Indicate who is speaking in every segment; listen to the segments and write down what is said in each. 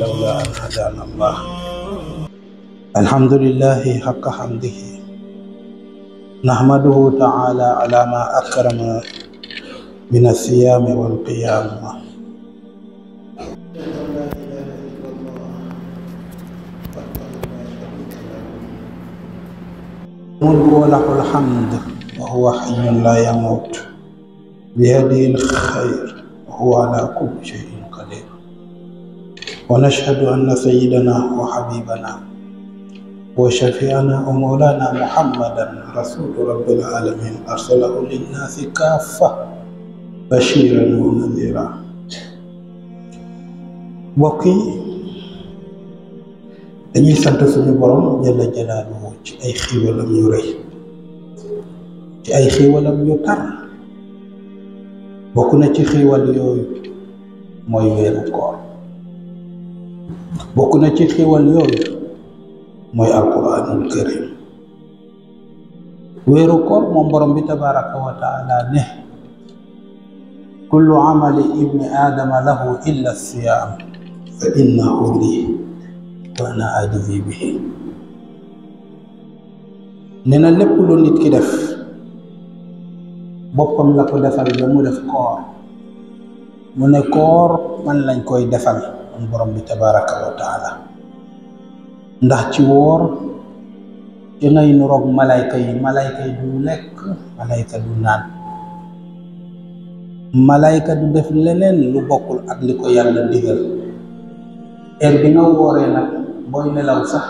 Speaker 1: لولا أن هدانا الله الحمد لله حق حمده نحمده تعالى على ما أكرم من الصيام والقيام الملك وله الحمد وهو حي لا يموت بيده الخير وهو على كل شيء ونشهد أن سيدنا وحبيبنا وشفيعنا ومولانا محمدا رسول رب العالمين أرسله للناس كافة بشيرا ونذيرا mbokk yi dañuy sant suñu borom jalla jalaaluhu ci ay xiiwalam yu rëy ci ay xiiwalam yu tar bokk na ci xiiwal yooyu mooy weeru koor bokk na ci xéwal yooyu mooy alquranul karim weeru koor moom borom tabaraka wa ne kullu amali ibni aadama lahu illa siyaam fa innahu lii wa ana ajzi bihi na lépp lu nit ki def boppam la ko defal mu def koor mu ne koor man lañ koy defal borom bi tabaraka wa ndax ci woor ci ngay nuroog malayka yi malayka yi du lekk malayka du naan malayka du def leneen lu bokkul ak li ko yàlla digal heure bi nga wooree nag booy nelaw sax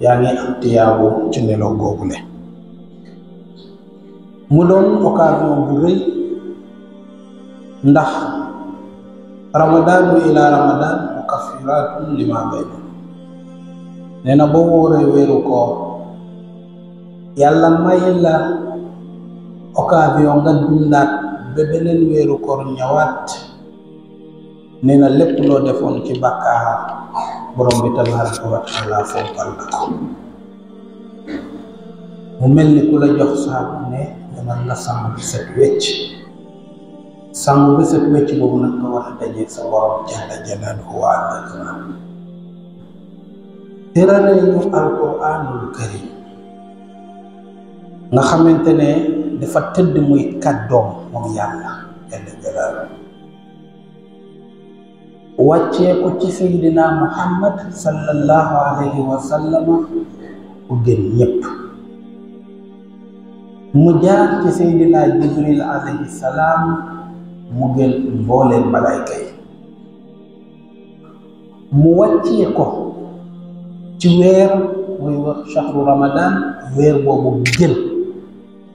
Speaker 1: yaa ngi am tiyaabu ci nelaw googule mu doon occasion bu rëy ndax ramadanu ila ramadan mukaffiratum lima baynahum nena bo wore weru ko yallah mayilla okavio gaddumdat be ɓenen weru kor ñawat nena leppulo defon ci bakkaha borom bi tabaraka wa taala fo balla ko mu mel ni kula jox saabu ne nenal nga sam set wecc sangu ba set wecc boobu nag nga war a dajeeg sa borom jalla jalaaluhu wa azza kamaal karim nga xamante ne dafa tëdd muy kàddoom moom yàlla jalla jalaaluhu wàccee ci sayyidina muhammad sallallahu alayhi wa sallama ku gën ñépp mu jaar ci sayyidina jibril alayhi salaam mu mbooleen malaayka yi mu ko ci weer muy wax ramadan weer boobu gën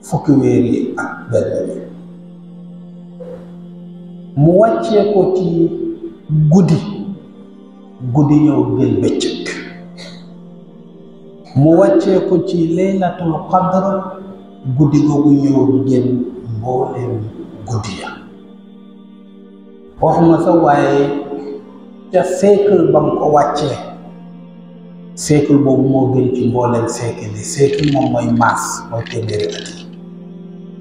Speaker 1: fukki weer yi ak benn bi mu wàccee ko ci guddi guddi ñëw gën bëccëg mu wàccee ko ci laylatul qadr guddi googu ñëw gën mbooleem guddi ya waxuma sax waaye ca siècle ba mu ko wàccee siècle boobu moo gën ci mbooleem siècle yi siècle moom mooy maas mooy téeméeri at yi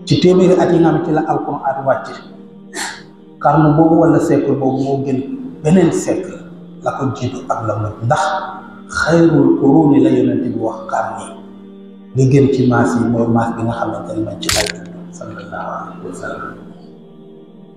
Speaker 1: ci téeméeri at yi nga xam ci la alxuraan boobu walla siècle boobu moo gën beneen siècle la ko jiitu ak la mujj ndax xayrul quruni la yonent bi wax karn yi li gën ci maas yi mooy maas bi nga xamante ne man ci lay tudd sallallahu alayhi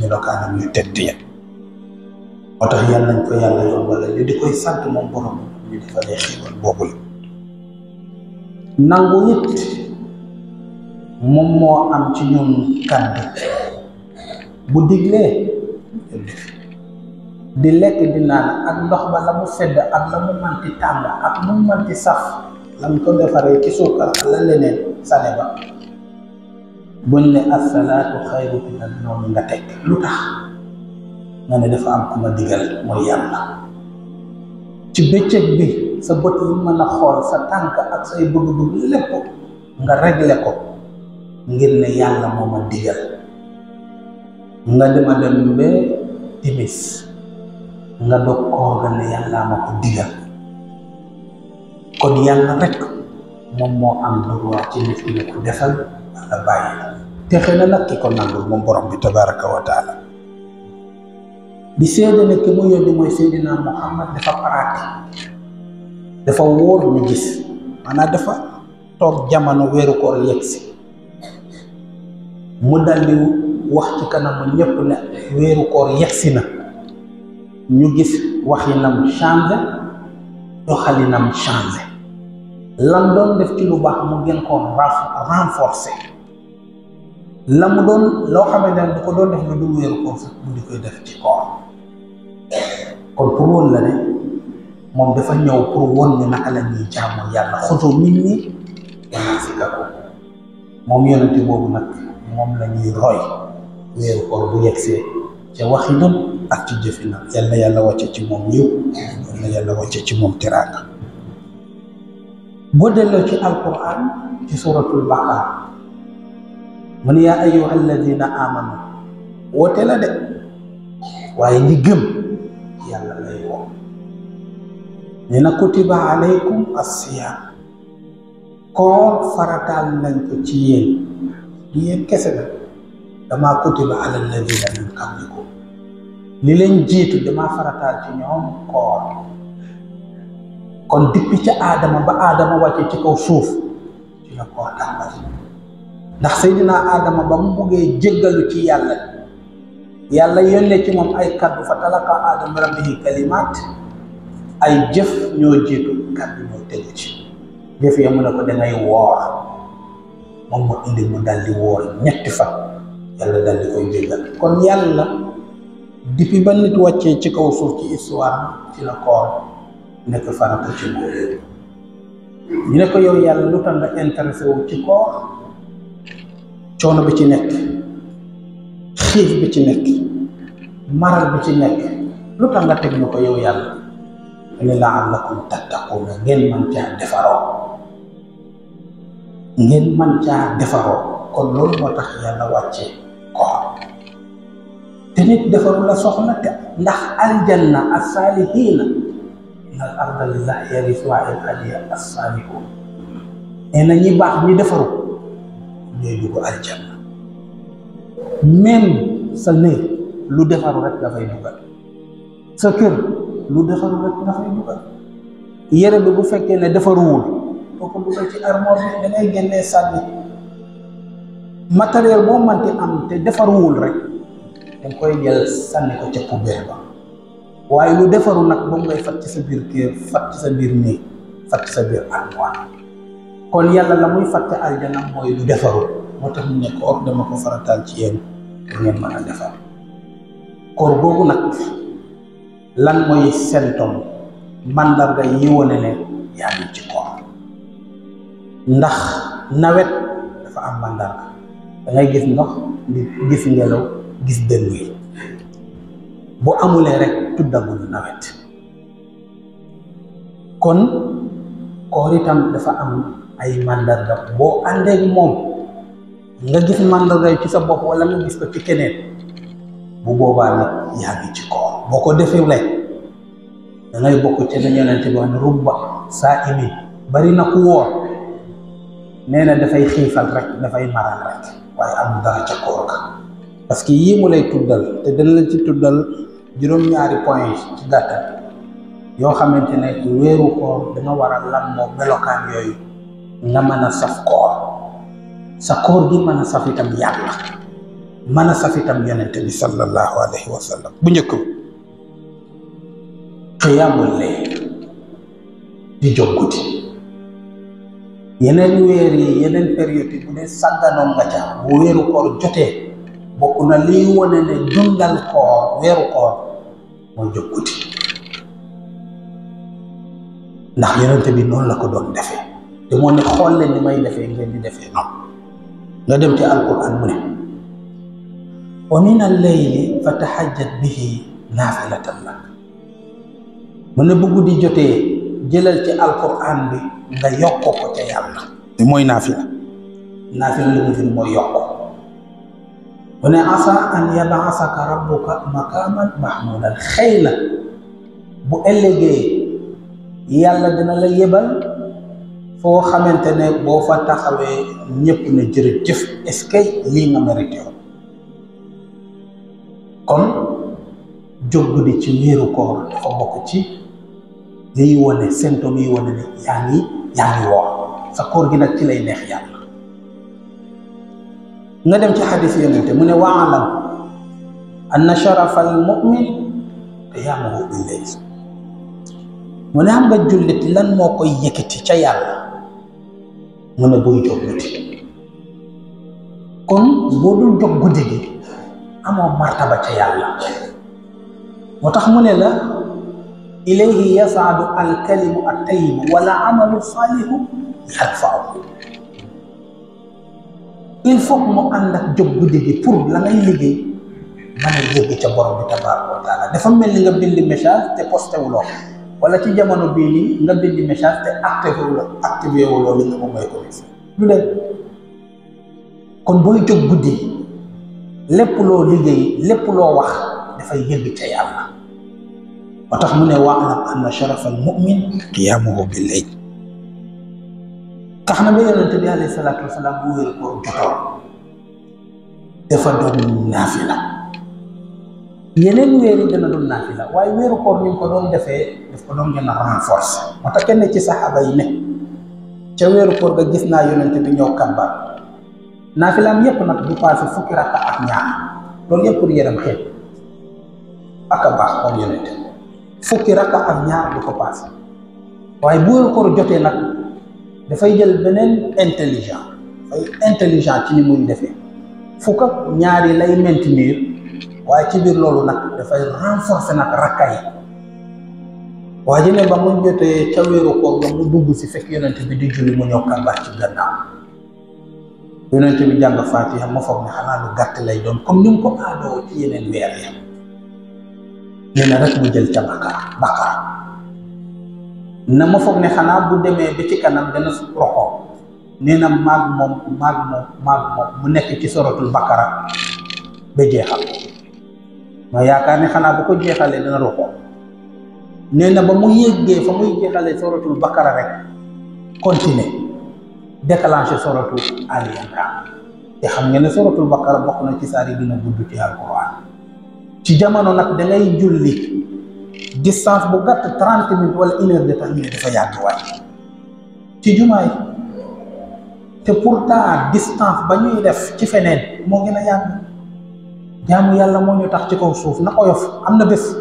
Speaker 1: melokaanam yu tedd ya motax yalla ñu ko yalla yombalal li di koy sant moom borom ñu defalee xiiwal xewal bobul nangu nit mom mo am ci ñun kaddu bu diglé di lek di naan ak ndox ba la mu sedd ak la mu manti tàng ak mu manti saf lam ko defare ci suukar la leneen sale ba buñ ne asalaatu min an-nawm nga tek lutax nga ne dafa am ku ma digal mooy yalla ci bëccëg bi sa bët yi mën a xool sa tank ak say bëgg-bëgg lepp nga régler ko ngir ne yalla moo ma digal nga dema dem be timis nga do ko ga ne yàlla ma ko digal kon yalla rek mom mo am droit ci nit ko defal ala baye te xëy na nag ki ko nangul moom borom bi tabaraka wa taala di seede ne ki mu yónni mooy Seydina Muhammad dafa paraate dafa wóor ñu gis maanaam dafa toog jamono weeru koor yegg wax ci kanamu weeru koor yegg na ñu gis waxinam changé doxalinam changé lan doon def ci lu baax mu gën koo renforcer lamu mu doon loo xamante ne du ko doon def lu dul wéeru koor sax mu di koy def ci koor kon pour woon la ne moom dafa ñëw pour woon ñu naka la ñuy jaamu yàlla xoto nit ñi danaa moom yonente boobu bu yegsee ca waxinam ak ci jëfinam yal na yàlla wàcce ci moom yiw yal na ci moom teraanga boo delloo ci alquran ci suratul baqara mu yaa ayyuha alladina amanu woote la de waaye ñi gëm yàlla lay woo na kutiba aleykum asiyaam koor farataal nañ ko ci yéen du yéen kese na dama kutiba ala alladina min qablikum li leen jiitu dama farataal ci ñoom koor kon dippi ca aadama ba aadama wàcce ci kaw suuf ci la koor tàmbali ndax sayidina adama ba mu buggee jéggalu ci yàlla yàlla yónnee ci moom ay kaddu fa talaka adama rabbihi kalimat ay jëf ñoo jiitu kaddu ñoo tegu ci jëf ya mu ne ko dangay woor moom mu indi mu dal di woor ñetti fa yàlla dal di koy jéggal kon yàlla depuis ba nit wàccee ci kaw suuf ci histoire ci la koor nekk farata ci moom ñu ne ko yow yàlla lu tax nga intéressé wu ci koor coono bi ci nekk xiif bi ci nekk maral bi ci nekk lu tax nga teg ñu ko yow yàlla li laallakum tattaquuna ngeen man caa defaroo ngeen man caa defaroo kon loolu moo tax yàlla wàccee koor te nit defaru la soxna te ndax aljanna assaalihiina inal arda lillahi yarisuha ibadiya assaalihuun nee na ñi baax ñi defaru ñooy dugg aljanna même sa néeg lu defaru rek dafay dugal sa kër lu defaru rek dafay dugal yére bi bu fekkee ne defaruwul boo ko dugal ci armoire bi génnee sànni matériel boo mënti am te defaruwul rek danga koy jël sànni ko ca poubelle ba waaye lu defaru nag moom ngay fat sa biir kër fat sa biir néeg fat sa biir armoire kon yàlla la muy fàtte aljana mooy lu defaru moo tax mu nekk op dama ko farataal ci yéen da ngeen a defar koor boobu nag lan mooy symptôme mandarga yi wane ne yaa ngi ci koor ndax nawet dafa am mandarga da gis ndox gis ngelaw gis dënn bu amulee rek tuddagul nawet kon koor itam dafa am ay màndarga boo àndeeg moom nga gis màndarga yi ci sa bopp wala nga gis ko ci keneen bu boobaa nag yaa ngi ci koor boo ko defee rek da ngay bokk ci la yonente bi wax ne rubba saa imi bari na ku na dafay xiifal rek dafay maral rek koor ga parce que yii mu lay tuddal te dana la ci tuddal juróom-ñaari point ci gàttal yoo xamante ne weeru koor danga war a lamboo melokaan yooyu nga mën a saf koor sa koor gi mën a saf itam yàlla a saf itam yonente bi sallallahu alayhi wa sallam bu njëkk xiyaamul layl di jóg guddi yeneen weer yi yeneen période yi bu dee sàgganoon nga ca bu weeru koor jotee bokk na liy wone ne dundal koor weeru koor mooy jóg guddi ndax yonente bi noonu la ko doon defe te moo ne xool leen ni may defee ngeen di defee nga dem ci alquran mu ne wa min alleyli fa tahajjat bihi naafilatan lak mu ne bu guddi jotee jëlal ci alquran bi nga yokk ca yàlla te mooy naafila naafila li mu fi mooy yokk mu ne asa an yabaasaka rabbuka makaman mahmudan xëy na bu ëllëgee yàlla dina la yebal foo xamante ne boo fa taxawee ñëpp ne jërëjëf est-ce que lii nga mérité woon kon jóg di ci wéeru koor dafa bokk ci liy wane symptôme yi wane ne yaa ngi yaa ngi woor sa koor gi nag ci lay neex yàlla nga dem ci xadis yonente mu ne waalam anna sharafa al mumin te yaamuhu bil layl mu ne xam nga jullit lan moo koy yëkkati ca yàlla mëna a jox guddi kon bo doon jox guddi gi amo martaba ca yàlla motax mu ne la ilayhi yas'adu al-kalimu at-tayyib wa wala amalu saalihu yarfaahu il faut mo ànd ak jóg guddi gi pour la ngay liggéey mën yëgg ca borom bi tabaraka wa taala dafa mel nga bind message te posté wu lo ولا تيجي ما نبيني نبيني مشاف تا أكتبه ولا أكتبه ولا من ما هو يكويس بدل كن بوي جو بدي لبلو ليجي لبلو واخ دفع يجي تيا الله وتحمل وعلى أن شرف المؤمن قيامه بالليل تحنا بيجي نتبي عليه الصلاة والسلام بوي الكور جتور دفع دون نافلة yeneen weer yi gën a doon naafila waaye weeru koor ni ko doon defee daf ko doon gën a renforcer moo tax kenn ci saxaaba yi ne ca weeru koor ga gis naa yonent bi ñëw kàmbar naafilaam yépp nag du passé fukki rakka ak ñaar loolu yépp pour yaram xeet ak a baax moom yonent fukki rakka ak ñaar du ko passé waaye bu weeru koor jotee nag dafay jël beneen intelligent dafay intelligent ci ni muy defee fukk ak ñaar yi lay maintenir waaye ci biir loolu nag dafay renforcer nag rakka yi waa ji ba mu jotee ca wéeru koor ba dugg si fekk yonent bi di julli mu ñëw kàmbaar ci gannaaw yonent bi jàng faatiha ma foog ne lay doon comme ni ko yeneen weer yi nee na ma foog ne xanaa bu demee ba ci kanam dana su roxoo nee na maag moom maag moom maag moom mu nekk ci soratul bakara ba jeexal ma yaakaar ni xanaa bu ko jeexalee dana rukkoo nee na ba mu yéggee fa muy jeexalee sooratul Bakara rek continuer déclenché sooratul Ali Imran te xam ngeen ne sooratul Bakara bokk na ci saar yi dina gudd ci alquran ci jamono nag da ngay julli distance bu gàtt trente minutes wala une heure de temps ñu ne dafa yàgg ci jumaay te pourtant distance ba ñuy def ci feneen moo gën a yàgg. jaamu yàlla moo ñu tax ci kow suuf na oyof am na bés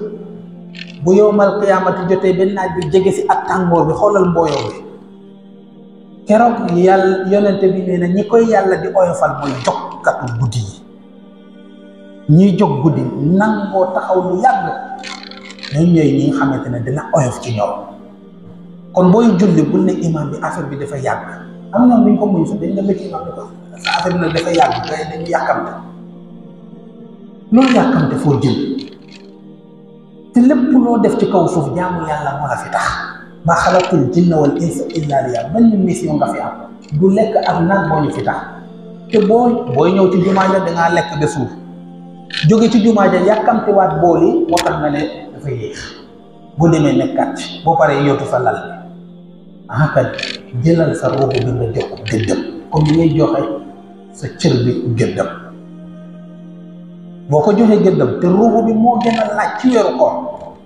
Speaker 1: bu yowmal qiyaamati jotee benn naaj bi jege si ak tàngoor bi xoolal mbooyoo bi keroog yàlla yonente bi na ñi koy yàlla di oyofal mooy jokkatu guddi yi ñiy jóg guddi nangoo taxaw lu yàgg ñooy ñooy ñi nga xamante ne dina oyof ci ñoom kon booy julli bul ne imaam bi affaire bi dafa yàgg am na ñoom bu ñu ko muñ fa dañ dem ci imaam bi ko affaire bi nag dafa yàgg gars yi dañu yàkkamte loolu yàkkamte foo jëm te lépp loo def ci kaw suuf jaamu yàlla moo la fi tax ma xalaqtul jinna wal insa illa liya benn mission nga fi am du lekk ak naan moo ñu fi tax te boo booy ñëw ci jumaa ja dangaa lekk ba suuf jóge ci jumaa ja yàkkamte waat bool yi moo tax nga ne dafa yéex boo demee nekkaat boo paree yootu sa lal ah kay jëlal sa ruuxu bi nga jox gëddëm comme ni ngay joxe sa cër bi gëddëm boo ko joxee gëddam te ruuxu bi moo gën a laaj ci weeru koor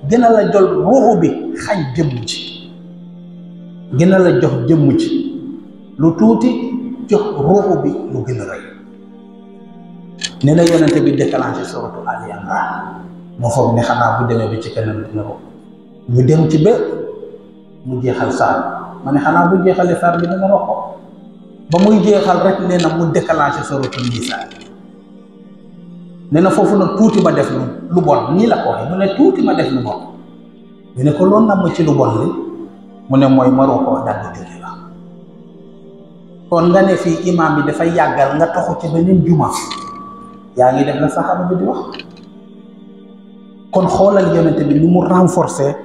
Speaker 1: gën a la jol ruuxu bi xañ jëmm ci gën a la jox jëmm ci lu tuuti jox ruuxu bi lu gën a rëy nee na yonente bi déclenché suratu Ali moo foog ne xanaa bu demee bi ci kanam dina ko dem ci ba mu jeexal saar ma ne xanaa bu jeexalee saar ba muy jeexal rek nee na mu déclenché suratu Nisaa nee na foofu nag tuuti ba def lu bon nii la ko waxee mu ne tuuti ma def lu bon ñu ko loo nag ci lu bon li mu ne mooy maroo koo dagg julli la kon nga ne fii imaam bi dafay yàggal nga toxu ci beneen jumaa yaa ngi def la saxaaba bi di wax kon xoolal yonente bi lu mu renforcer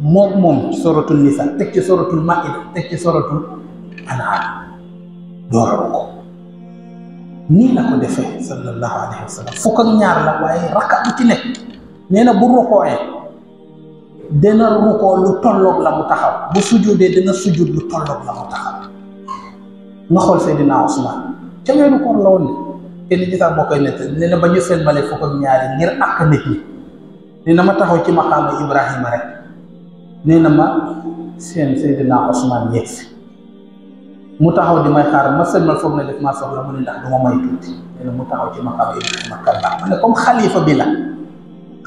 Speaker 1: moom moom soratul nisa teg ci soratul maida teg ci soratul anaar dooralu ko nii la ko defee sallallahu alayhi wa sallam fukk ak ñaar la waaye rakka bu ci nekk nee na bu rukkooyee dina rukkoo lu tolloog la mu taxaw bu sujudee dina sujud lu tolloog la mu taxaw nga xool Seydina Usmaan ca weeru koor la woon ne kenn gisaat moo koy nett nee na ba ñu selmale fukk ak ñaari ngir àq nit nee na ma taxaw ci maqaama Ibrahima rek nee na ma seen Seydina Usmaan yegg si mu taxaw di may xaar ma sëlmal foog ne def ma soxla mu ni ndax duma may tuti ene mu taxaw ci maqaam yi ma ba ma ne comme khalifa bi la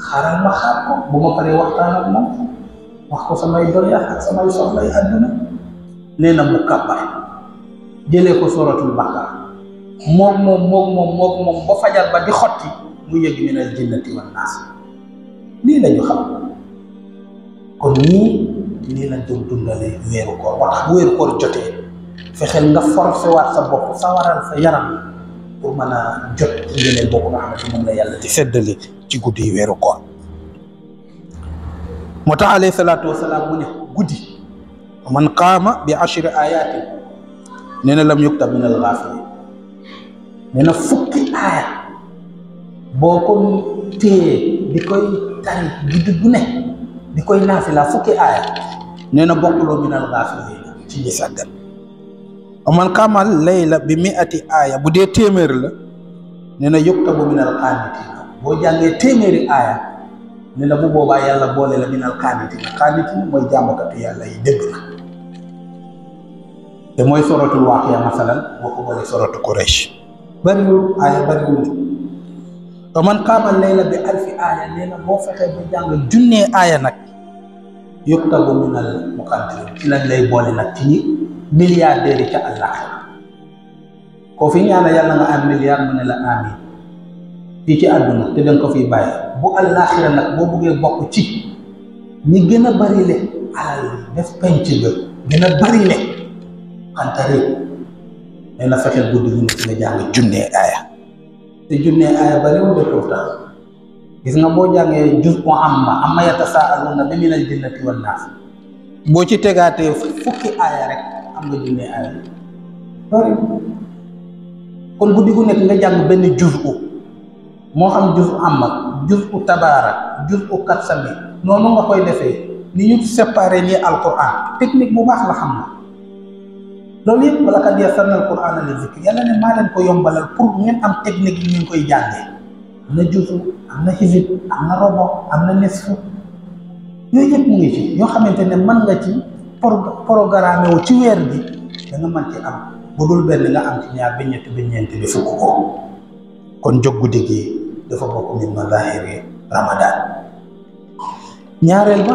Speaker 1: xaaral ma xaar ko bu ma paree waxtaan ak mom wax ko samay do ya ak samay soxla ya aduna nee mu kàmbaay jëlee ko suratul baqara mom mom mom mom mom mom ba fajar ba di xotti mu yegg ni na jinnati wan nas ni lañu xam kon ni ni lañ doon dundalee weeru koor moo tax bu weeru fexeel nga forcé waat sa bopp sawaral sa yaram pour mën a jot yeneen boobu nga xamante moom la yàlla di seddale ci guddi yi weeru koor moo tax alayhi salaatu wasalaam mu ne guddi man qaama bi ashri ayatin nee na lam yuktab min alxaafilin nee na fukki aaya boo ko téye di koy tari guddi gu ne di koy naafila fukki aaya nee na bokkuloo min alxaafilin ci ñi sàggan man kamal layla bi miati aaya bu dee téeméer la ne na yuktabu min al qaanitina boo jàngee téeméeri aaya ne na bu boobaa yàlla boole la min al qaanitina qaanitina mooy jàmbakatu yàlla yi dëgg la te mooy soratul waaqiya masalan boo ko boolee soratu bariwul aaya bariwul te man kamal layla bi alfi aaya nee boo fexee ba jàng junnee aaya nag yuktabu min al muqaddirin ci lañ lay boole nag ci ñi milliardaire yi ca àllaaxira koo fi ñaana yàlla nga am milliard mu ne la amin fii ci àdduna te danga ko fiy bàyyi bu àllaaxira nag boo buggee bokk ci ñi gën a bari na fexeel guddi nga jàng junnee aaya te boo ci tegaatee fukki aaya rek am nga junne aaya bari kon guddi gu nekk nga jàng benn juzu moo xam juzu amal juzu tabaara juzu katsami noonu nga koy defee ni ñu séparé al alquran technique bu baax la xam na loolu yëpp wala kat yassarna alqurana li zikri yàlla ne maa leen ko yombalal pour ngeen am technique yi ñu koy jàngee am na juzu am na xisib am na robo am na nisfu yooyu yëpp mu ci yoo xamante ne man nga ci programme wu ci weer bi da nga man ci am bu dul nga am ci ñaar ba ñett ba ñent bi fukk ko kon joggu guddi dafa bokk min zahiri ramadan ñaarel ba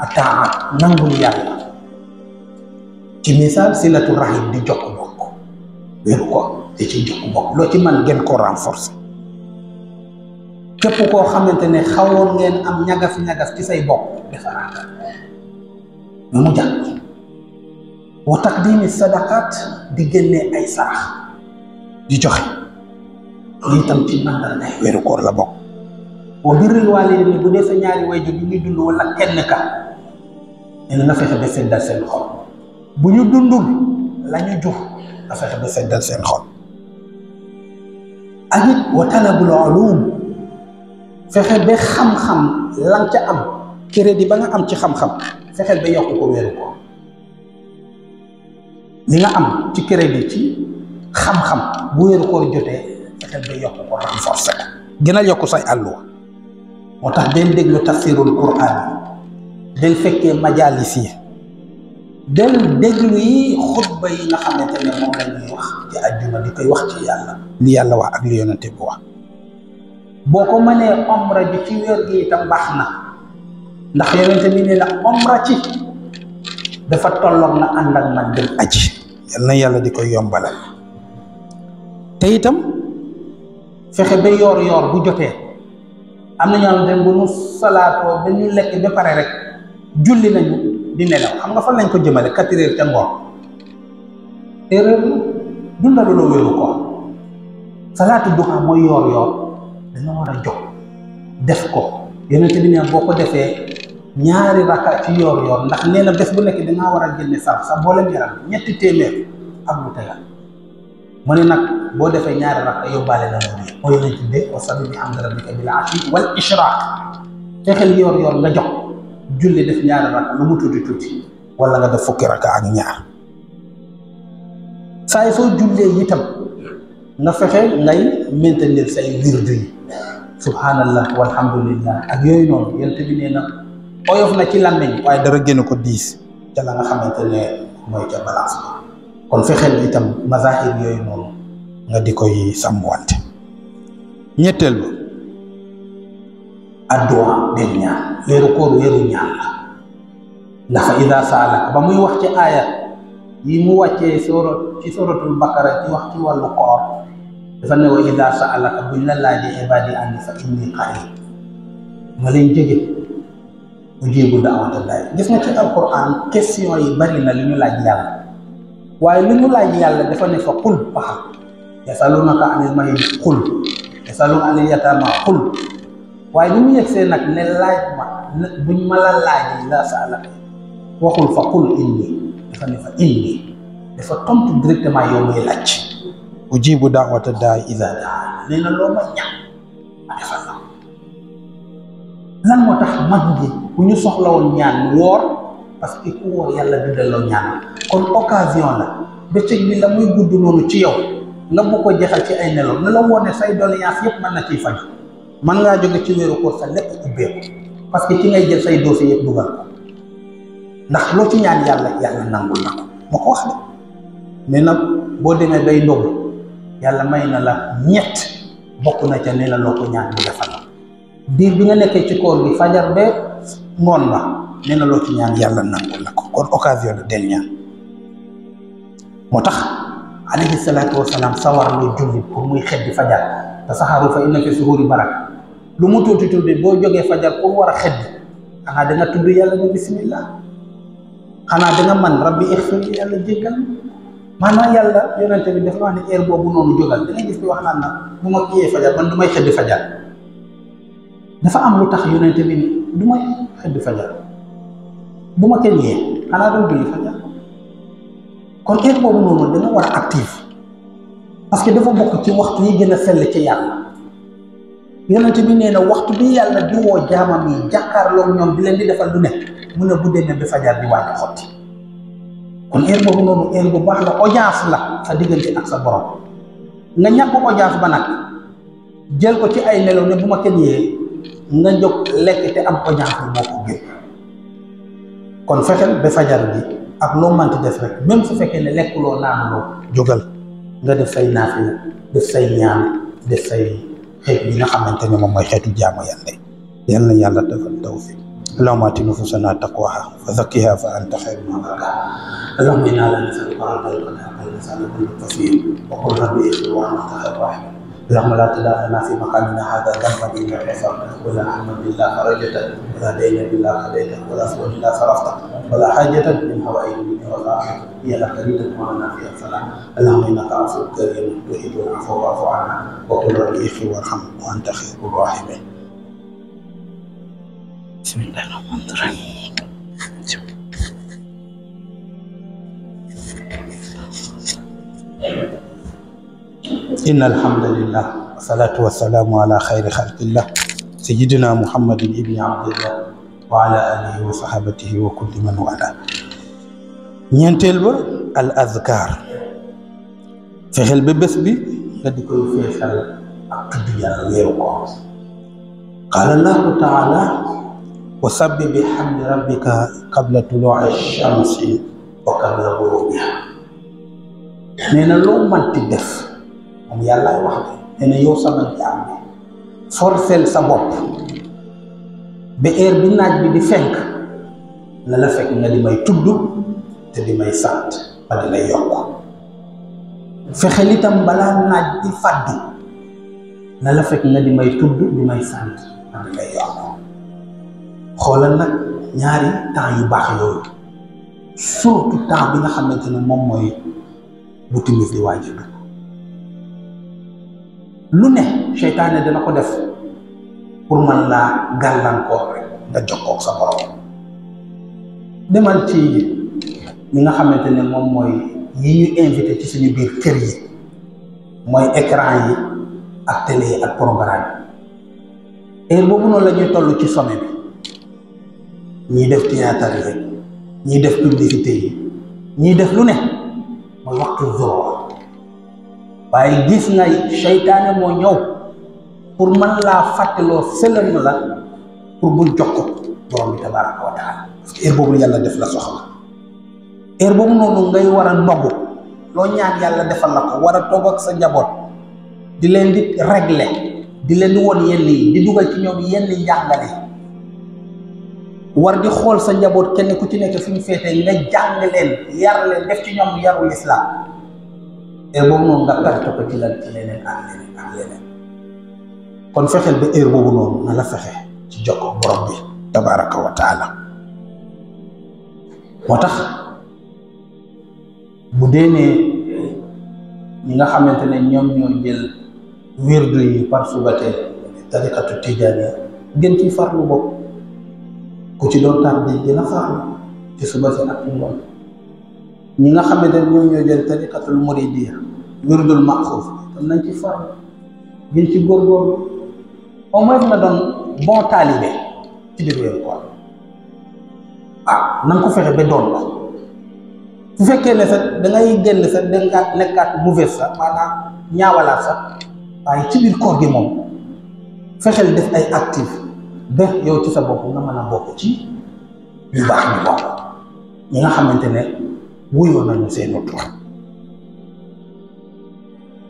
Speaker 1: ata nangul yalla ci misal silatu rahim di jokk bokk wéru ko di ci jokk bokk lo ci man gën ko renforcer képp ko xamantene xawon ngeen am ñagaf ñagaf ci say bokk defara mu jàpp wa taqdimi sadaqaat di génnee ay sarax di joxe lii tam ci mandal ne la bokk wa birril waalidayni bu dee sa ñaari waajur bu ñuy dund wala kenn ka nee na fexe ba seddal seen xol bu ñu dundul la ñu jur nga fexe ba seddal seen xol ak it wa talabul fexe ba xam-xam la nga ca am ba nga am ci xam-xam fexeel ba yokk ko weeru ko nga am ci crédit ci xam-xam bu weeru koor jotee fexeel ba yokk ko renforcé ko gën a yokk say àlluwa moo tax del déglu tafsirul quran yi del fekkee majalis yi del déglu yi xutba yi nga xamante ne moom la ñuy wax ci àjjuma di koy wax ci yàlla li yàlla wax ak li yonente bi wax boo ko mënee omra ji ci weer gi itam baax na ndax yonente bi nee na omra ci dafa tolloog na ànd ak dem aji yal na yàlla di koy yombalal te itam fexe ba yoor yoor bu jotee am na ñoo xam bu ñu salaatoo ba lekk ba pare rek julli nañu di nelaw xam nga fan lañ ko jëmale quatre heures te ngoon erreur dundaluloo wéeru ko salaatu duha mooy yoor yoor dañu war a jóg def ko yonente bi ne boo ko defee ñaari raka ci yor yor ndax neena bés bu nek dina wara a sax sa bo leen yaram ñetti téeméer ak lu tegal mu ne nag boo defee ñaari raka yobalé na loolu mooy ci dé wa sabbi bi hamdi rabbika bil ashi wal ishraaq fexeel yor yor nga jox julli def ñaari raka lu mu tuuti tuuti wala nga def fukki raka ak ñaar say yi julle yitam na fexe ngay maintenir say wirdu subhanallah walhamdulillah ak yoy non yonent bi nee oyof na ci lamiñ waaye dara génn ko 10 ci la nga xamantene ne ci balance bi kon fexel itam mazahir yoy noonu nga di koy sàmmwante ñettel ba adduwa del ñaan weeru ko weeru ñaan la ndax fa ida saalaka ba muy wax ci aya yi mu wacce soro ci suratul bakara ci wax ci walu koor dafa ne wa ida saalaka buñ la laajee ibadi anni fa inni ma jege ujiibu da'watallaahi gis nga ci alquran question yi bari na li ñu laaj yàlla waaye li ñu laaj yàlla dafa ne fa qul waxal yasalunaka anil mayyit qul yasalunaka anil yataama qul waaye li mu yegsee nag ne laaj ma buñ ma la laajee laa sa'alaka waxul fa qul inni dafa ne fa inni dafa tontu directement yow muy laaj ujiibu da'watallaahi idaa da'aani nee na loo ma ñaan lan moo tax mag ji bu ñu soxla woon ñaan woor parce que ku woor yàlla bindal la ñaan kon occasion la bëccëg bi la muy gudd noonu ci yow nga bu ko jeexal ci ay nelaw na la woone say doléance yëpp mën na ciy fan man ngaa jóge ci wéeru ko sa lépp ubbeeku parce que ci ngay jël say dossier yëpp dugal ko ndax loo ci ñaan yàlla yàlla nangul na ko ma ko wax de mais boo demee bay ndogu yàlla may na la ñett bokk na ca ne la loo ko ñaan bi defal Di bi nga nekkee ci koor bi fajar be ngon ba nee na loo ci ñaan yàlla nangul la ko kon occasion la del ñaan motax alayhi salatu wassalam sawar lu julli pour muy xeddi fajar ta saharu fa inna fi suhuri barak lu mu tuti tuti bo fajar pour war a xeddi da nga tuddu yalla ni bismillah da nga man rabbi ixfir li yalla jéggal mana yalla yonente bi dafa wax air bobu nonu jogal da nga gis ci wax ma fajar man dumay xeddi fajar dafa am lu tax yonente bi ni du ma xëdd fajar bu ma kenn yee xanaa doon fajar parce que dafa bokk ci waxtu yi gën a sell ci yàlla yonente bi nee na waxtu bi yàlla di woo jaamam di leen di defal lu ne bu demee ba fajar di waaj a xotti kon noonu heure bu baax la audience la sa diggante ak sa borom nga ñàkk audience ba nag jël ko ci ay melo ne bu ma kenn yee nga jóg lekk te am audience bi moo ko gën kon fexeel ba fajar bi ak loo mënti def rek même su fekkee ne lekk loo naan loo jógal nga def say naafila def say ñaan def say xeet yi nga xamante ne moom mooy xeetu jaamu yàlla yal na yàlla defal tawfiq اللهم آت نفوسنا تقواها وزكها فأنت خير من زكاها اللهم إنا لا نسألك رب القناعة ونسألك التوفيق وقل ربي اغفر وأنت خير الراحمين اللهم لا تدع لنا في مقامنا هذا ذنبا الا غفرته ولا هما الا فرجته ولا دينا الا قضيته ولا سوء الا صرفته ولا حاجة من هوائج من ولا هي لك لتكون لنا فيها الفلاح اللهم انك عفو كريم تحب العفو واعف عنا وقل رب اغفر وارحم وانت خير الراحمين. بسم الله الرحمن الرحيم. Thank you. إن الحمد لله والصلاة والسلام على خير خلق الله سيدنا محمد ابن عبد الله وعلى آله وصحبه وكل من والاه ننتلب الأذكار في خلب بس بي يدكو في خلب أقضي قال الله تعالى وسبب بحمد ربك قبل طلوع الشمس وقبل غروبها من اللوم تدفن moom yàllaay wax ne ne yow sama jaam ne forcel sa bopp ba heure bi naaj bi di fenk na la fekk nga di may tudd te di may sant ba di lay yokk fexeel itam balaa naaj di fàddu na la fekk nga di may tudd di may sant ba di lay yokk xoolal nag ñaari temps yu baax yooyu surtout temps bi nga xamante ne moom mooy bu timis di waaj a lu ne seytaane dina ko def pour mën laa gàllankoor rek nga jokkoog sa borom demal ci ñi nga xamante ne moom mooy yi ñu invité ci suñu biir kër yi mooy écran yi ak télé yi ak programme yi heure boobu noonu la ñuy toll ci sommet bi ñiy def théâtre yi ñiy def publicité yi ñiy def lu ne mooy waxtu zoor waaye gis nga seytaane moo ñëw pour man laa fàttaloo sëlëm la pour bul jox ko borom bi tabaraka wa taala parce def la soxla heure boobu noonu ngay war a ndogu loo ñaan yàlla defal la ko war a toog ak sa njaboot di leen di régler di leen di woon yenn yi di dugal ci ñoom yenn njàngale war di xool sa njaboot kenn ku ci nekk fi mu féetee nga jàng leen yar leen def ci ñoom yarul islam heure boobu noonu nga perte ko ci lan ci leneen ak kon fexeel ba heure boobu noonu na la fexe ci jokkoo borom bi tabaraka wa moo tax bu dee ne ñi nga xamante ne ñoom ñoo jël wirdu yi par suba teel tariqatu tijaaniya gën ci farlu bopp ku ci doon tardé dina farlu ci suba si ak ñi nga xamante ne ñoom ñoo jël tariqatul muridiyya wirdul maxuuf tam nañ ci farlu ci góorgóorlu au moins na doon bon taalibe ci biir weeru koor waaw ah, na nga ko fexe ba fekkee ne sax da ngay génn sax da nga nekkaat mauvaise waaye ci biir koor moom fexeel def ay actif be yow ci sa bopp nga mën a bokk ci yu baax ñu bokk ñi nga xamante ne. wuyoo nañu seenu tur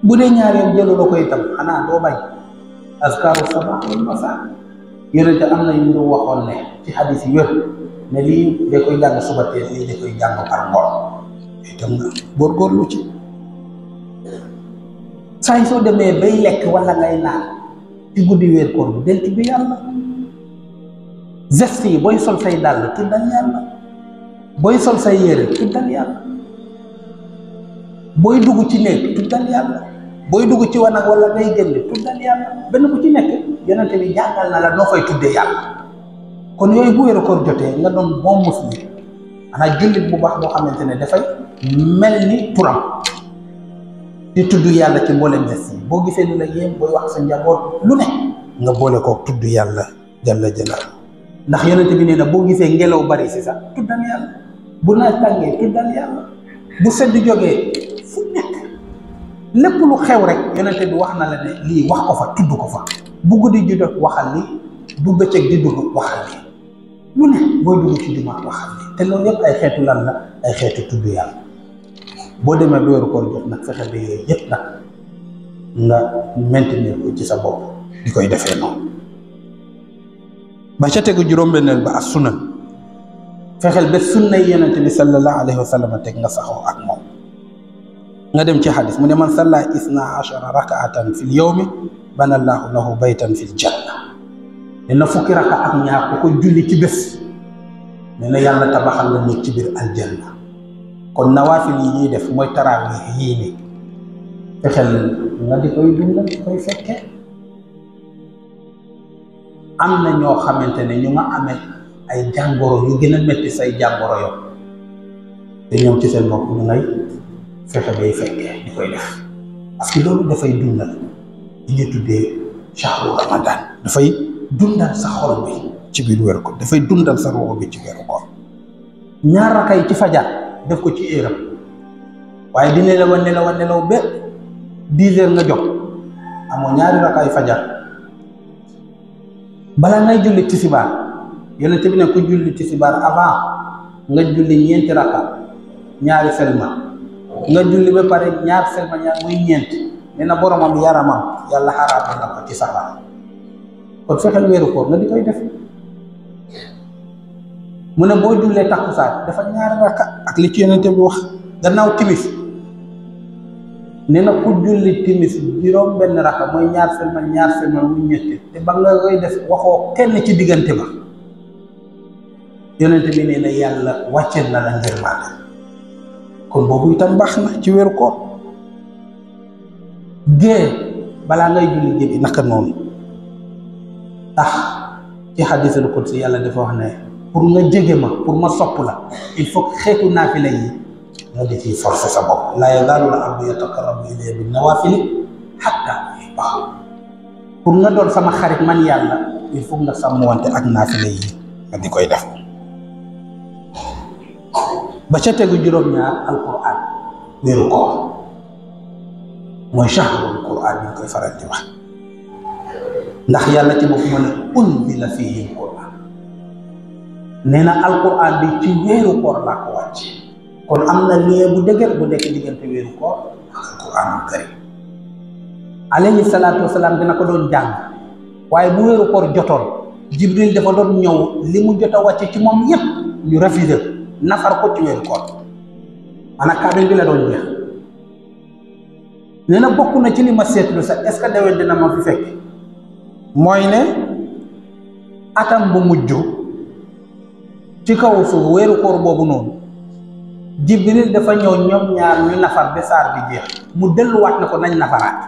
Speaker 1: bu dee ñaareel jëlu la ko itam xanaa doo bañ askaaru sabaa wal masaa yonente am na yu ñu waxoon ne ci xadis yi wér ne lii da koy jàng suba teel lii koy jàng par ngoon itam nga ci saa soo demee bay lekk wala ngay naan ci guddi weer koor bi del ci bi yàlla geste yi booy sol say dàll tuddal boy sol say yere tuddal yalla boy dugg ci nek tuddal yalla boy dugg ci wana wala ngay génne tuddal yalla ben bu ci nek yonante bi jangal na la noo fay tudde yalla kon yoy bu wéeru ko jotee nga doon bon muslim ana jullit bu baax bo xamantene da fay melni turam di tuddu yalla ci mboolem des bo gisé lu la yéem boy wax sa njabor lu nek nga bolé ko tuddu yalla jalla jalla ndax yonante bi neena bo gisé ngelaw bari ci sa tuddal yalla bu naaj tàngee tuddal yàlla bu sedd jógee fu nekk lépp lu xew rek yonente bi wax na la ne lii wax ko fa tudd ko fa bu guddi ju dot waxal li bu bëccëg di dugg waxal li lu ne booy dugg ci jumaa waxal li te loolu yëpp ay xeetu lan la ay xeetu tudd yàlla boo demee ba weeru koor jot nag fexe ba yooyu yëpp nag nga maintenir ko ci sa bopp di koy defee noonu ba ca tegu juróom-benneel ba as sunan fexeel ba sunna yonente bi sallallahu alayhi wa sallam teg nga saxoo ak moom nga dem ci xadis mu ne man salla isna achara rakaatan fil yawmi banallahu lahu baytan fil janna ne na fukki raka ak ñaar ku ko julli ci bés ne na yàlla tabaxal la nit ci biir aljanna kon nawaafil yi ñuy def mooy taraawih yii nii fexeel nga di koy dund di koy fekkee am na ñoo xamante ne ñu nga amee ay jàngoro yu gën a métti say jàngoro yo te ñoom ci seen bopp ñu ngay fexe bay fekkee koy def loolu dafay dundal li ñu tuddee shahru dafay dundal sa xol bi ko dafay dundal sa ruux bi ci weeru koor ñaar rakay def ko ci éram waaye di nelaw a nelaw a nelaw ba dix heures nga jóg amoo ñaari rakay fajar bala ngay julli tisbaar yonent bi ne ku julli tisbaar avant nga julli ñeenti rakka ñaari selma nga julli ba pare ñaar selma muy ñeent nee na boromam yaramam yàlla xaraamal na ko ci safara kon fexeel koy def mu ne boo jullee takkusaan dafa ñaari ak li ci yonent bi wax gannaaw timis nee na ku julli timis juróom benn rakka mooy ñaar selma ñaar selma muy ñeent te ba nga koy def waxoo kenn ci diggante ba yonent bi neena yalla wacce na la ma kon bobu itam baxna ci weeru ko ge bala ngay julli ge bi naka non tax ci al qudsi yalla dafa wax ne pour nga jege ma pour ma sopp la il faut que nafila yi mo di ci forcer sa la ya yazaalu la abdu yataqarrabu ilayya bin nawafil hatta ba pour nga don sama xarit man yalla il faut nga ak nafila yi nga di koy def ba ca tegu juróom-ñaar alquran weeru koor mooy shahrul quran ñu koy faral di wax ndax yàlla ci bopp ma ne unzila fihi alquran nee na alquran bi ci weeru koor laa am na lien bu dëgër bu nekk diggante weeru koor ak alquranul karim dina ko doon jàng waaye bu weeru koor jotoon jibril dafa doon ñëw li mu jot a wàcce ci moom yépp ñu rafisé nafar ko ci wéru ko ana kaamil bi la doon jeex na bokk na ci li ma seetlu est ce que dawel dina ma fi fek moy ne atam bu mujju ci kaw su wéeru koor bobu non jibril dafa ñëw ñom ñaar ñu nafar be sar bi jeex mu delu na nako nañ nafaraat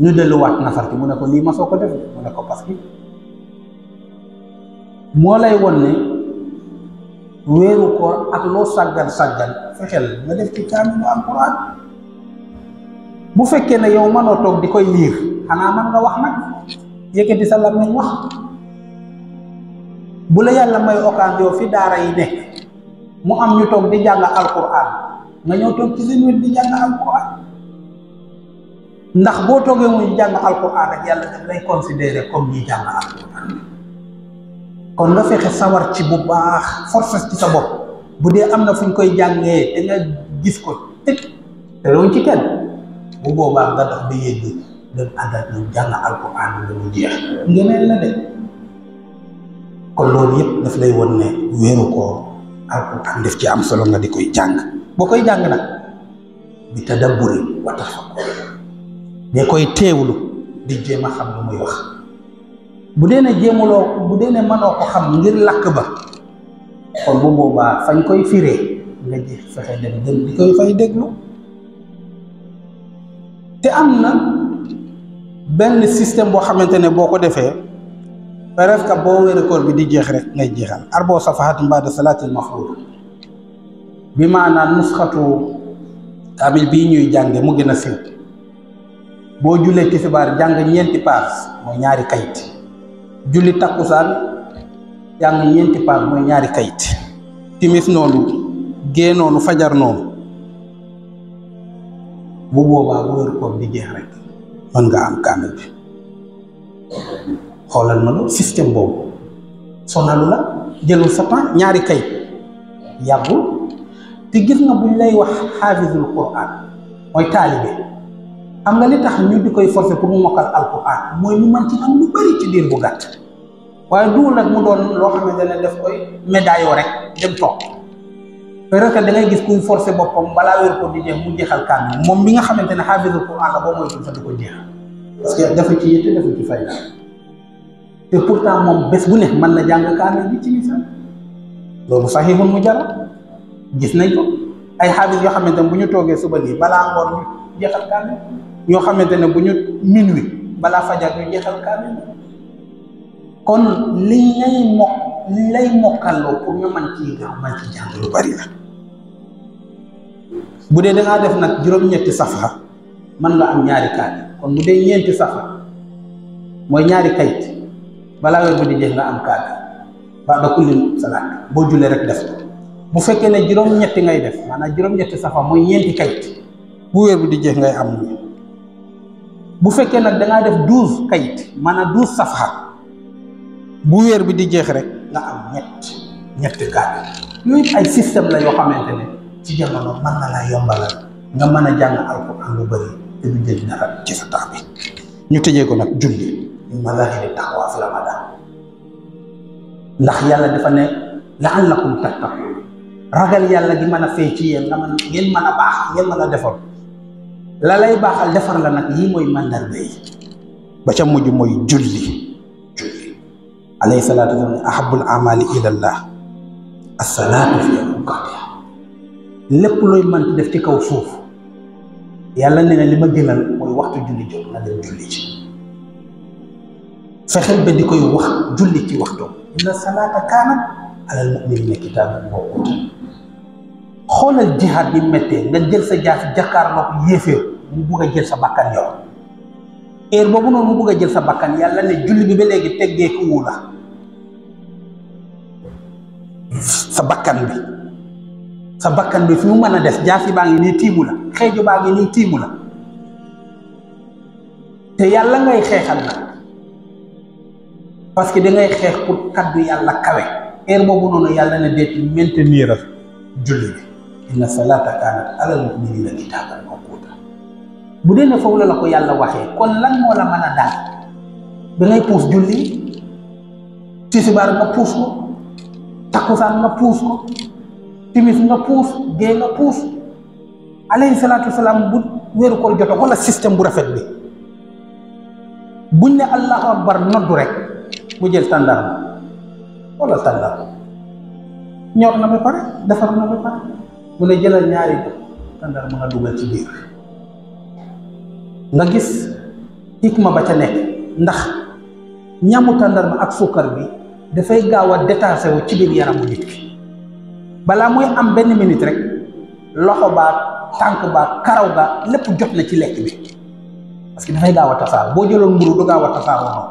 Speaker 1: ñu wat nafar ki mu ne ko lii ma soko def mu ne ko parce won ne weeru koor ak loo sàggan sàggan fexeel nga def ci kaamilu alquran bu fekkee ne yow mënoo toog di koy liir xanaa man nga wax nag yëkkati sa lam nañ wax bu la yàlla may occasion yow fi daara yi nekk mu am ñu toog di jàng alquran nga ñëw toog ci seen wet di jàng alquran ndax boo toogee muy jàng alquran ak yàlla daf lay considéré comme ñuy jàng alquran kon nga fexé sawar ci bu baax forces ci sa bop bu dee am na koy jangé te nga gis ko té té loolu ci kenn bu boobaa nga tax bi yegg dem adat ñu jang alcorane lu mu jeex ngeneen la dé kon loolu yëpp daf lay won ne wéeru koo alquran def ci am solo nga di koy jàng boo koy jàng nag bi tadabburi wa tafakkur de koy teewlu di jema xam lu muy wax bu dee ne jéemaloo bu dee ne mënoo ko xam ngir làkk ba kon bu boobaa fañ koy firee nga ji fexe dem dem di koy fay déglu te am na benn système boo xamante ne boo ko defee presque que boo wéeru koor bi di jeex rek ngay jeexal arboo safahat mbaada salaatil mafruud bi maanaam nusxatu kaamil bii ñuy jànge mu gën a siiw boo jullee tisbaar jàng ñeenti paas mooy ñaari kayit julli takkusaan jàng ñeenti paak mooy ñaari kayit timis noonu gée noonu fajar noonu bu boobaa bu wér koor di rek mën nga am kaamil bi xoolal ma loolu système boobu sonalu la jëlul sa temps ñaari kayit yàggul te gis nga buñ lay wax xaafisul quraan mooy taalibe am na li tax ñu di koy forcer pour mu mokkal alquran mooy mu mën ci am lu bëri ci diir bu gàtt waaye duul nag mu doon loo xamante ne daf koy médaillé rek dem toog parce que da ngay gis kuy forcer boppam balaa wér ko di jeex mu jeexal kàddu moom mi nga xamante ne xaafisul quran la boo mooy sax ko jeexal parce que dafa ci yitte dafa ci fayda te temps moom bés bu ne mën na jàng kaamil bi ci sax loolu saxiixul mu jara gis nañ ko ay xaafis yoo xamante ne bu ñu toogee suba nii balaa ngoon ñu jeexal kaamil ñoo xamante ne bu ñu minuit balaa fajar ñu jeexal kaamil kon li lay mokk liñ lay mokkalloo pour nga mën ci nga mën lu bari la bu dee dangaa def nag juróom-ñetti safa mën nga am ñaari kaamil kon bu dee ñeenti safa mooy ñaari kayit balaa weer bu di jeex nga am kaamil ba'da kulli salaat boo julee rek def bu fekkee ne juróom-ñetti ngay def maanaam juróom-ñetti safa mooy ñeenti kayit bu weer bu di jeex ngay am bu fekkee nag dangaa def douze kayit maanaam douze safha bu weer bi di jeex rek nga am ñett ñetti kaamil yooyu ay système la yoo xamante ne ci jamono mën na laa nga mën a jàng alxuraan lu bëri te du jël dara ci sa temps bi ñu tëjee ko nag julli ñu mazaahiri taqwa fi ramadaan ndax yàlla dafa ne la'allakum tattaqun ragal yàlla di mën a fay ci yéen nga ngeen mën a baax ngeen mën a defar la lay baxal defar la nak yi moy mandar bay ba ca muju moy julli julli alayhi salatu wa salaam ahabul amali ila allah as-salatu fi awqaatiha lépp loy man def ci kaw suuf yàlla nee lima gënal moy waxtu julli jot na dem julli ci fexeel ba di koy wax julli ci waxto inna salata salaata ala al mu'minina kitaaban mawquuta xolal jihad bi mettee nga jël sa jaasi jakarlo ko mu bugg a jël sa bakkan yow heure boobu noonu mu bugg a jël sa bakkan yàlla ne julli bi ba léegi teggee ku sa bakkan bi sa bakkan bi fi mu mën a des jaasi baa ngi nii tiimu la xeeju baa ngi nii tiimu la te yàlla ngay xeexal na parce que dangay xeex pour kaddu yàlla kawe heure boobu noonu yàlla ne deet maintenir julli bi inna salaata kaanat alal mu'minina kitaaban bu dee ne foofu la la ko yàlla waxee kon lan moo la mën a daal da ngay puus julli tisibaar nga puus ko takkusaan nga puus ko timis nga puus gée nga puus alayhi salaam bu wéeru koor joto wala système bu rafet bi buñ ne allahu akbar noddu rek mu jël tàndar wala tàndar ñor na ba pare defar na ba pare mu ne jëlal ñaari tàndar nga dugal ci biir nga gis ma ba ca nekk ndax ñamu tàndarma ak suukar bi dafay gaaw a détaché wu ci biir yaramu nit ki balaa muy am benn minute rek loxo baa tànk baa karaw baa lépp jot na ci lekk bi parce que dafay gaaw a tasaar boo jëloon mburu du gaaw a tasaar noonu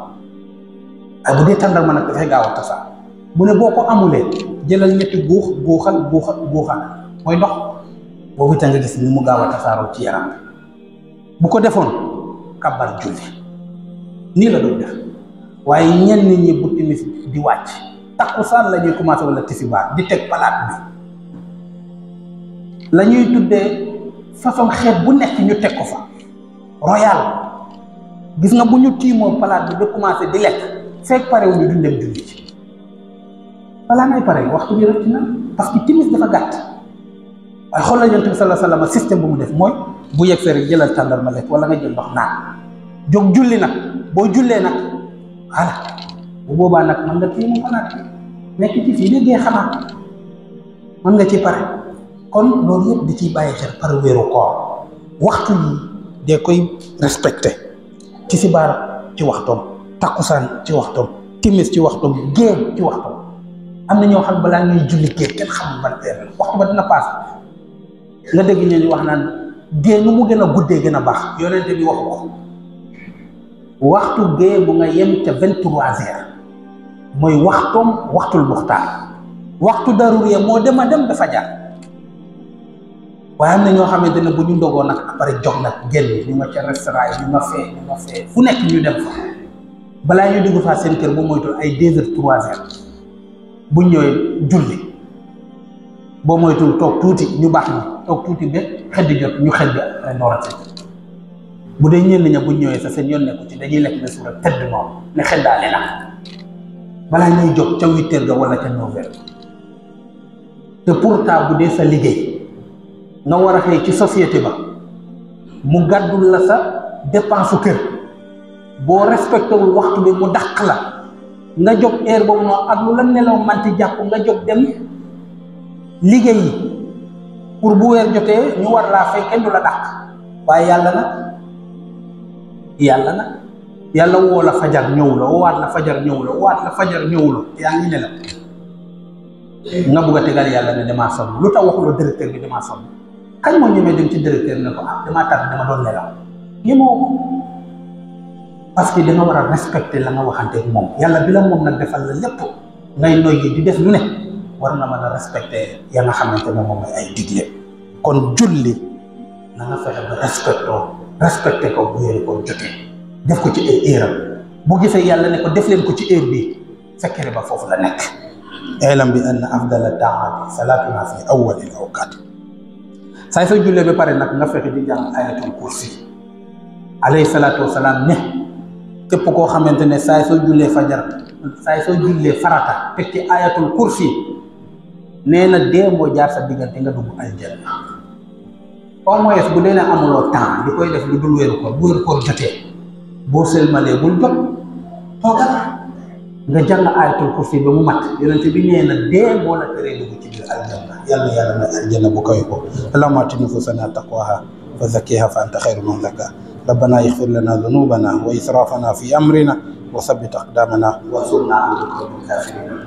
Speaker 1: ay bu dee tàndarma nag dafay gaaw a tasaar mu ne boo ko amulee jëlal ñetti guux guuxal guuxal mooy ndox boobu itam nga gis ni mu gaaw a tasaaroo ci yaram bu ko defoon kabar julli nii la doon def waaye ñenn ñi bu timis di wàcc takkusaan la ñuy commencé wala tisibaar di teg palaat bi la ñuy tuddee façon xeet bu nekk ñu teg ko fa royal gis nga bu ñu tiimoo palaat bi di commencé di lekk fekk parewuñu duñ dem julli ci balaa ngay pare waxtu bi rëcc na parce que timis dafa gàtt waaye xoolal yonent bi sallallahu alayhi wa sallam système bu mu def mooy bu yegg fee rek jëlal tàndarma lekk wala nga jël ndox naan jóg julli nak bo julle nak voilà bu boba nak man nga mu nek ci fi man nga ci pare kon loolu yeb di ci baye xel par wéeru ko waxtu ni de koy respecter ci bar ci waxtom takusan ci waxtom timis ci waxtom géej ci waxtom amna ñoo xam bala ngay julli ke ken xam ban ter waxtu ba dina pass nga ñu wax naan. dee nu mu gën a guddee gën a baax yonente bi wax ko waxtu gee bu nga yem ca vingt trois heures mooy waxtoom waxtul muxtaar waxtu daru daruriya moo dem a dem dafa jaar waaye am na ñoo xamante ne bu ñu ndogoo nag après jog nag génn ñu nga ca restaurant yi ñu nga fee nga fee fu nekk ñu dem fa balaa ñu dugg faa seen kër bu moytu ay deux heures trois heures bu ñëwee julli boo moytuwul toog tuuti ñu baax na toog tuuti ba xeddi jot ñu xeddi après euh, door a tëdd bu dee ñenn ña bu ñëwee sa seen yoon nekku ci dañuy lekk ba suur ak tëdd moom ne xeddaale na balaa ñuy jóg ca huit heures ga wala ca neuf heures te sa liggéey nga war a xëy ci société ba mu gàddul la sa dépense kër boo respecté wul waxtu bi mu daq la nga jóg heure boobu noonu ak lu la nelaw manti jàpp nga jóg dem liggéey pour bu weer jotee ñu war laa fay du la dàq waaye yàlla nag yàlla nag yàlla woo la fajar ñëw la waat la fajar ñëw waat la fajar ñëw la yaa ngi ne la nga bugg a tegal yàlla ne damaa sonn lu tax waxuloo directeur bi damaa sonn kañ moo ñemee dem ci directeur ne ko ah damaa dama doon nelaw ñemoo ko parce que danga war a respecter la nga waxante moom yàlla bi la moom nag defal la lépp ngay noyyi di def lu ne war na mën a respecté ya nga xamante ne moom mooy ay digle kon julli na nga fexe ba respecto respecté ko bu yéen ko def ko ci ay eeram bu gisee yàlla ne ko def leen ko ci eer bi fekkere ba foofu la nekk ilam bi ann afdala taati salatuna fi awalil awqat saay soo julle ba pare nag nga fexe di jàng ayatul kursi alayhi salatu wasalaam ne képp koo xamante ne saay soo fajar saay soo jullee farata teg ci ayatul kursi nee na dee moo nga dugg aljanna au moins bu dee ne amuloo temps koy def lu dul wéeru koor bu wéeru koor jotee boo sëlmalee bul jot nga jàng aayatul kursi ba mu mat yonente bi nee na dee moo ci biir aljanna yàlla yàlla aljanna bu kawe ko allahumma aati nufuusanaa taqwaahaa wa zakkihaa fa anta xayru man zakkahaa rabbanaa ixfir wa israafanaa fi amrinaa wa sabbit aqdaamanaa wansurnaa alal qawmil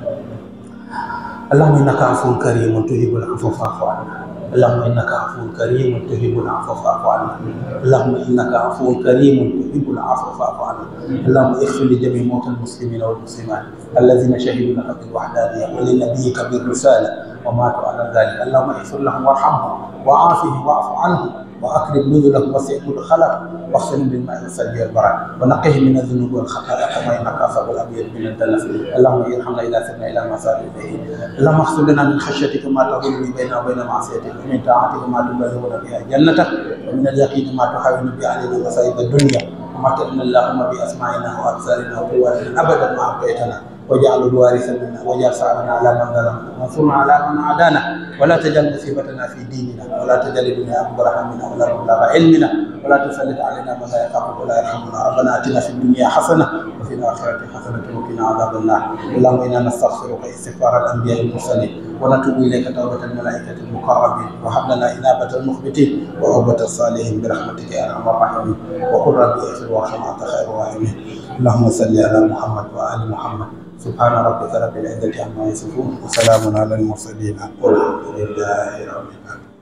Speaker 1: اللهم انك عفو كريم تهب العفو فاعف عنا اللهم انك عفو كريم تهب العفو فاعف عنا اللهم انك عفو كريم تهب العفو فاعف عنا اللهم اغفر لجميع موتى المسلمين والمسلمات الذين شهدوا لك بالوحدانيه ولنبيك بالرساله وماتوا على ذلك اللهم اغفر لهم وارحمهم وعافهم واعف عنهم وأكرم نزله وسع كل خلق واغسل بالماء والثلج والبرد ونقه من الذنوب والخطايا كما ينقى الأبيض من الدلف اللهم ارحمنا إذا سرنا إلى ما سار إليه اللهم اغسل لنا من خشيتك ما تقول بيننا وبين معصيتك ومن طاعتك ما تبلغنا بها جنتك ومن اليقين ما تحاول به علينا مصائب الدنيا ومتعنا اللهم بأسماعنا وأبصارنا وقواتنا أبدا ما أبقيتنا واجعل الوارث منا واجعل ثارنا على من ظلمنا وانصرنا على من عادانا ولا تجعل مصيبتنا في ديننا ولا تجعل الدنيا اكبر همنا ولا مبلغ علمنا ولا تسلط علينا من لا يخافك ولا يرحمنا ربنا اتنا في الدنيا حسنه وفي الاخره حسنه وقنا عذاب النار اللهم انا نستغفرك استغفار الانبياء المرسلين ونتوب اليك توبه الملائكه المقربين وهب لنا انابه المخبتين وعقبه الصالحين برحمتك يا ارحم الراحمين وقل ربي اغفر وارحم انت خير الراحمين اللهم صل على محمد وال محمد subhaana rabbika rabbil izzati ammaa yasifuun wa salaamun alal mursaliin walhamdulillaahi rabbil aalamiin